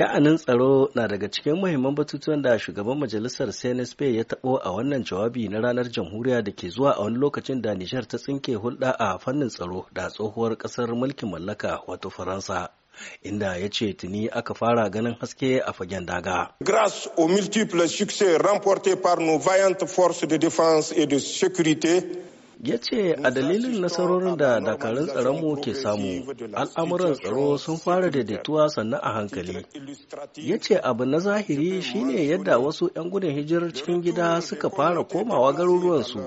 Sha'anin tsaro na daga cikin muhimman batutuwan da shugaban majalisar CNSP ya tabo a wannan jawabi na ranar jamhuriya da ke zuwa a wani lokacin da Nijar ta tsinke hulɗa a fannin tsaro da tsohuwar ƙasar mulkin mallaka wato Faransa. inda ya ce tuni aka fara ganin haske a fagen daga. Grâce aux multiples succès remportés par nos vaillantes forces de défense et de sécurité, ya ce a dalilin nasarorin da dakarun tsaronmu ke samu al'amuran tsaro sun fara daidaituwa sannan a hankali ya ce abu na zahiri shine yadda wasu 'yan gudun hijirar cikin gida suka fara komawa garuruwansu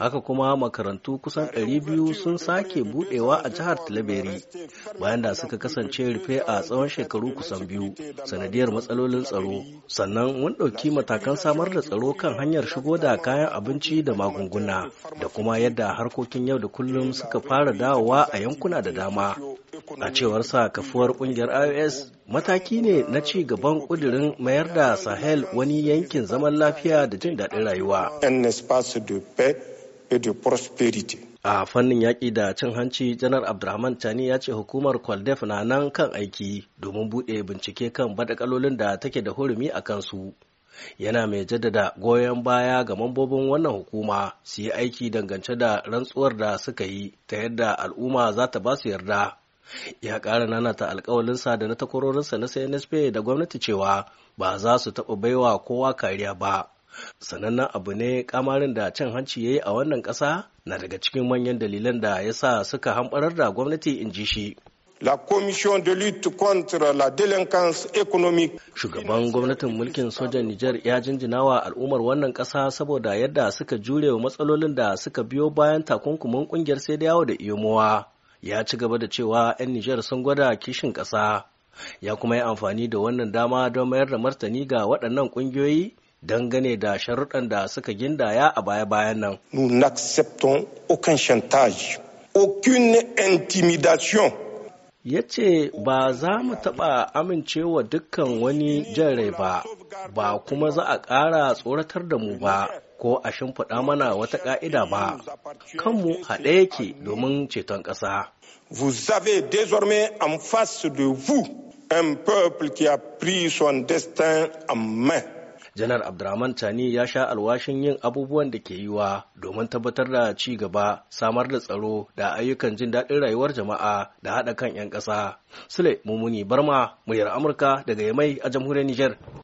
haka kuma makarantu kusan 200 sun sake budewa a jihar tilaberi bayan da suka kasance rufe a tsawon shekaru kusan biyu sanadiyar matsalolin tsaro sannan mun ɗauki matakan samar da tsaro kan hanyar shigo da kayan abinci da magunguna da kuma kuma yadda harkokin yau da kullum suka fara dawowa a yankuna da dama a cewar sa kafuwar kungiyar ios mataki ne na ci gaban kudirin mayar da sahel wani yankin zaman lafiya da jin daɗin rayuwa a fannin yaƙi da cin hanci janar abdulrahman tani ya ce hukumar kwaldef na nan kan aiki domin buɗe bincike kan badakalolin da take da hurumi a kansu yana mai jaddada goyon baya ga mambobin wannan hukuma su yi aiki dangance da rantsuwar da suka yi ta yadda al'umma za ta ba su yarda ya ƙara ta alkawalinsa da na takwarorinsa na cnsp da gwamnati cewa ba za su taɓa baiwa kowa kariya ba sanannen abu ne kamarin da cin hanci ya yi a wannan ƙasa na daga cikin manyan dalilan da ya sa suka hamɓarar da gwamnati in ji shi la commission de lutte contre la délinquance économique. Shugaban gwamnatin mulkin sojan Nijar ya jinjina wa al'ummar wannan ƙasa saboda yadda suka jure wa matsalolin da suka biyo bayan takunkumin ƙungiyar sai da yawo da iyomowa. Ya ci gaba da cewa 'yan Nijar sun gwada kishin ƙasa. Ya kuma yi amfani da wannan dama don mayar da martani ga waɗannan ƙungiyoyi dangane da sharuɗan da suka gindaya a baya-bayan nan. Nous n'acceptons aucun chantage, aucune intimidation ya ce ba za mu taɓa amincewa dukkan wani jan rai ba ba kuma za a ƙara tsoratar da mu ba ko a shimfiɗa mana wata ƙa'ida ba kanmu haɗe yake domin ceton ƙasa vous avez désormais en face de vous un peuple qui a pris son destin en main janar abdurrahman tani ya sha alwashin yin abubuwan da ke yiwa domin tabbatar da ci gaba samar da tsaro da ayyukan jin daɗin rayuwar jama'a da haɗa kan 'yan ƙasa sule mummuni barma muryar amurka daga yamai a jamhuriyar niger